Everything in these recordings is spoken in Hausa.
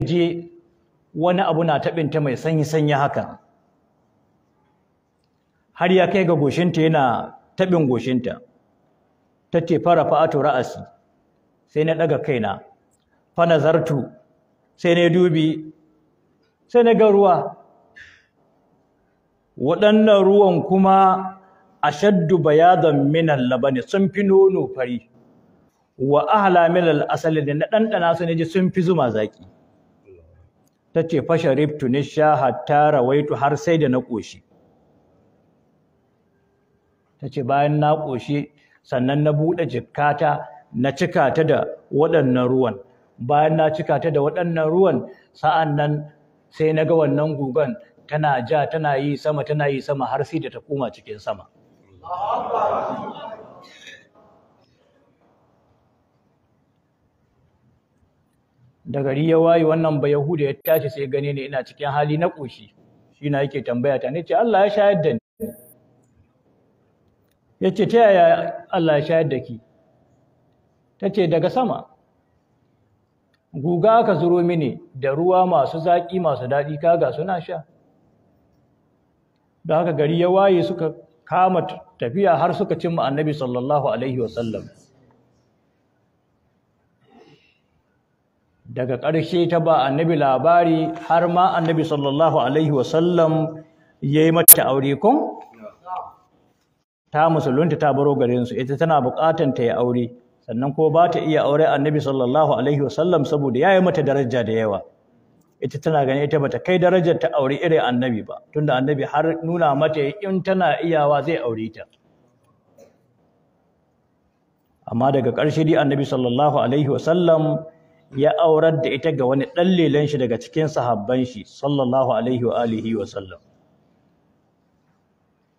je wani abu na taɓinta mai sanyi-sanyi haka har ya kai ga goshinta yana taɓin goshinta ta ce fara fa'atu ra'asi sai na ɗaga kaina fa zartu, sai na dubi sai na ga ruwa waɗannan ruwan kuma a ashaddu bayadan minan labani sun fi nono fari wa ahla asali da na ɗanɗana su ne ji sun fi zuma zaƙi ta ce fasharif tunisha hatta rawaitu har sai da na ƙoshi ta ce bayan na ƙoshi sannan na buɗe jikata na cika ta da waɗannan ruwan bayan na cika ta da waɗannan ruwan sa'an nan sai na ga wannan gugan tana ja tana yi sama tana yi sama har sai da ta koma cikin sama da gari ya waye wannan ba yahuda ya tashi sai gane ni ina cikin hali na ƙoshi shi na yake tambaya ta ce Allah ya shayar da ni ya ce ta yaya Allah ya shayar da ki ta ce daga sama guga aka zuro mini da ruwa masu zaƙi masu daɗi kaga suna sha da haka gari ya waye suka kama tafiya har suka cimma annabi sallallahu alaihi wasallam daga ƙarshe ta ba annabi labari har ma annabi sallallahu alaihi wasallam ya yi mata aure kun ta musulunta ta baro garinsu ita tana buƙatan ta yi aure sannan ko ba ta iya aure annabi sallallahu alaihi wasallam saboda ya yi mata daraja da yawa ita tana gani ita bata kai darajar ta aure irin annabi ba tunda annabi har nuna mata in tana iyawa zai aure ta amma daga ƙarshe dai annabi sallallahu alaihi wasallam ya aurar da ita ga wani ɗan lelen shi daga cikin sahabban shi sallallahu alaihi wa alihi wa sallam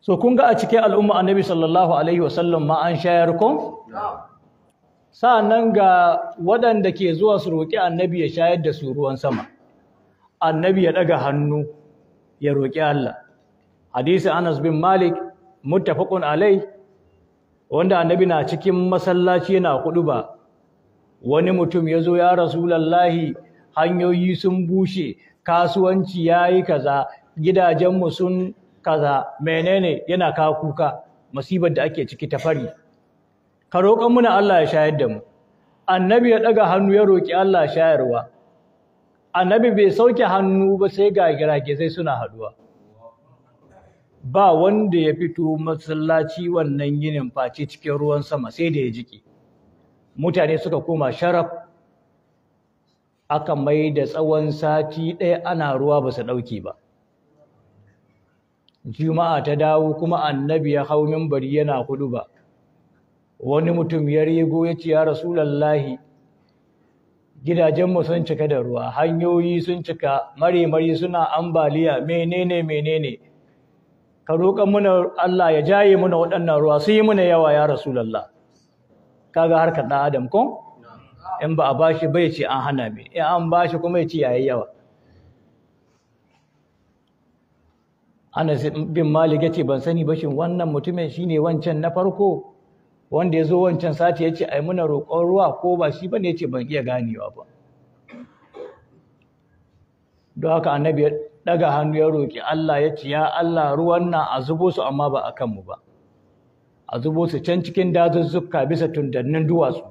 so kun ga a cikin al'umma annabi sallallahu alaihi wa sallam ma an shayar Sa nan ga waɗanda ke zuwa su roƙi annabi ya shayar da su ruwan sama annabi ya ɗaga hannu ya roƙi Allah hadisi Anas bin Malik muttafaqun alai wanda annabi na cikin masallaci yana ba. wani mutum ya zo ya rasulallahi hanyoyi sun bushe kasuwanci ya yi kaza gidajenmu sun kaza menene yana kawo kuka masibar da ake ciki ta fari ka roƙon muna Allah ya shayar da mu annabi ya ɗaga hannu ya roƙi Allah shayarwa annabi bai sauke hannu ba sai ga giragizai suna haduwa ba wanda ya fito masallaci wannan ginin face cikin ruwan sama sai da ya jiki mutane suka koma sharaf aka mai da tsawon sati ɗaya ana ruwa ba su ɗauki ba juma'a ta dawo kuma annabi ya hau mimbari yana hudu ba wani mutum ya rego ya ce ya rasulallahi gidajenmu sun cika da ruwa hanyoyi sun cika mare-mare suna ambaliya menene menene ka roƙon muna Allah ya jaye muna waɗannan ruwa su yi muna yawa ya rasulallah kaga harkar ɗan adam ko in ba a bashi bai ce an hana mi in an bashi kuma ya ce yayi yawa ana bin Malik yace ban sani ba shin wannan mutumin shine wancan na farko wanda ya zo wancan sati yace ai muna roƙon ruwa ko ba shi bane yace ban iya ganewa ba don haka annabi ya daga hannu ya roƙi Allah ya ce ya Allah ruwan nan a zubo su amma ba a kanmu ba a zubo su can cikin dazuzzuka bisa tundannin duwatsu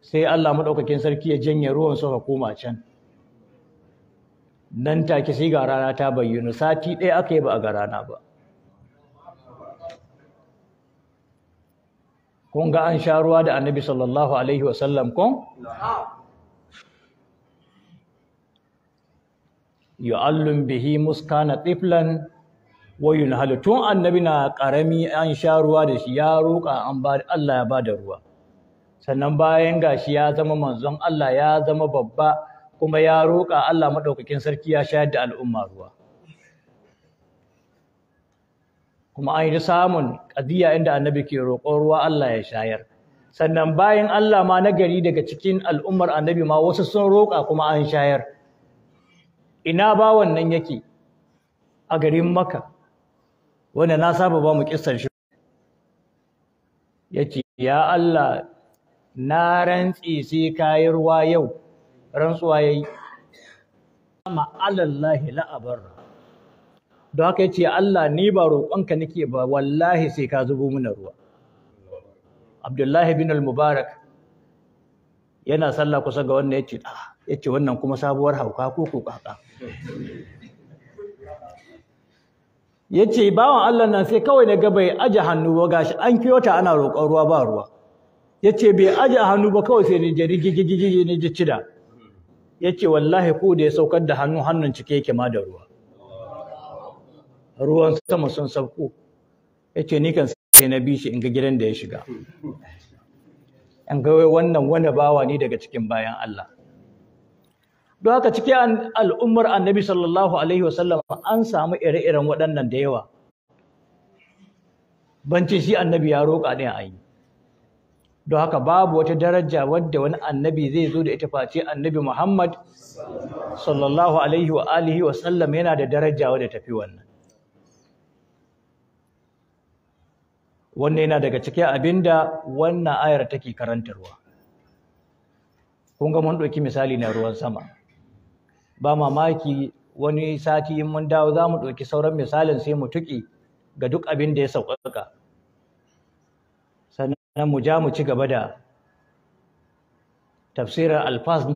sai Allah maɗaukakin sarki ya janye ruwan suka koma can nan take sai ga rana ta bayyana sati ɗaya aka yi ba a ga rana ba kun ga an sha ruwa da annabi sallallahu alaihi wasallam kun? yu'allun bihi muskana tiflan wayun halittun tun annabi na karami an sha ruwa da shi ya roƙa an ba Allah ya bada ruwa sannan bayan gashi ya zama manzon Allah ya zama babba kuma ya roƙa Allah madaukakin sarki ya shayar da al'umma ruwa kuma an yi samun ƙadiya inda annabi ke roƙon ruwa Allah ya shayar sannan bayan Allah ma nagari daga cikin al'ummar annabi ma wasu sun roƙa kuma an shayar ina ba wannan yake a garin Makka. wanda na saba ba mu kissar shi yace ya Allah na rantsi sai kayi ruwa yau rantsuwa yayi amma alallahi la abarra don haka yace Allah ni ba roƙonka nake ba wallahi sai ka zubo mana ruwa Abdullahi bin al-Mubarak yana sallah kusa ga wannan yace ah, yace wannan kuma sabuwar hauka ko ko kaka ya ce bawan Allah nan sai kawai na bai aje hannu ba gashi an wata ana roƙon ruwa ba ruwa ya ce bai aje hannu ba kawai sai ni je rigigigigi ni ji cida ya ce wallahi ko da ya saukar da hannu hannun cike yake ma da ruwa ruwan sama sun sauko ya ce ni kan sai na bi shi in ga gidan da ya shiga in ga wannan wani bawa ne daga cikin bayan Allah don haka cikin al'ummar annabi sallallahu alaihi wasallam an samu ire-iren waɗannan da yawa banci shi annabi ya roƙa ne a yi don haka babu wata daraja wadda wani annabi zai zo da ita face annabi Muhammad sallallahu alaihi wa alihi wasallam yana da daraja wadda tafi wannan wannan yana daga cikin abinda wannan ayar take karantarwa kun ga mun ɗauki misali na ruwan sama ba mamaki wani sati in mun dawo za mu ɗauki sauran misalin sai mu tuƙi ga duk abin da ya sauƙaƙa sannan mu ja mu ci gaba da tafsirar alfas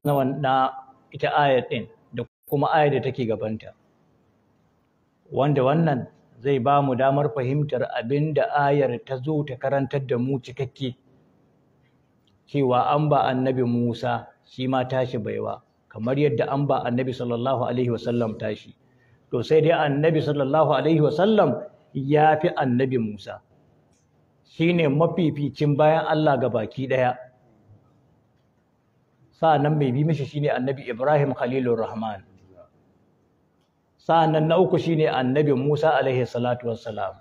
na ita ayat ɗin da kuma ayat da take gabanta wanda wannan zai ba mu damar fahimtar abin da ayar ta zo ta karantar da mu cikakke cewa an ba annabi musa shi ma tashi baiwa kamar yadda an ba annabi sallallahu alaihi wasallam tashi to sai dai annabi sallallahu alaihi wasallam ya fi annabi Musa Shi ne mafificin bayan Allah ga baki daya sa'annan mai bi mishi shine annabi Ibrahim Khalilur Rahman sa'annan na uku shine annabi Musa alaihi salatu wassalam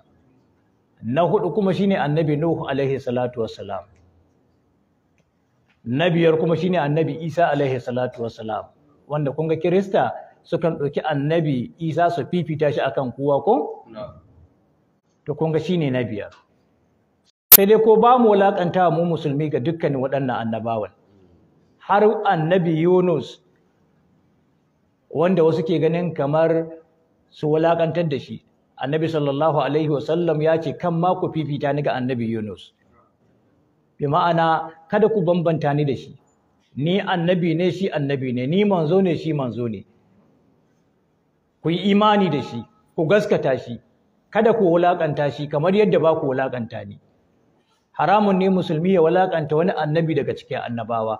na hudu kuma shine annabi Nuhu alaihi salatu wassalam na biyar kuma shine annabi isa alaihi salatu wasalam wanda kun ga kirista sukan ɗauki annabi isa su fifita shi akan kowa ko to kun ga shine na biyar sai dai ko ba mu wulakanta mu musulmi ga dukkanin waɗannan annabawan har annabi yunus wanda wasu ke ganin kamar su wulakantar da shi annabi sallallahu alaihi wasallam ya ce kan ma ku fifita ni ga annabi yunus bi ma'ana kada ku bambanta ni da shi ni annabi ne shi annabi ne ni manzo ne shi manzo ne ku yi imani da shi ku gaskata shi kada ku wulakanta shi kamar yadda ba ku wulakanta ni haramun ne musulmi ya wulakanta wani annabi daga cikin annabawa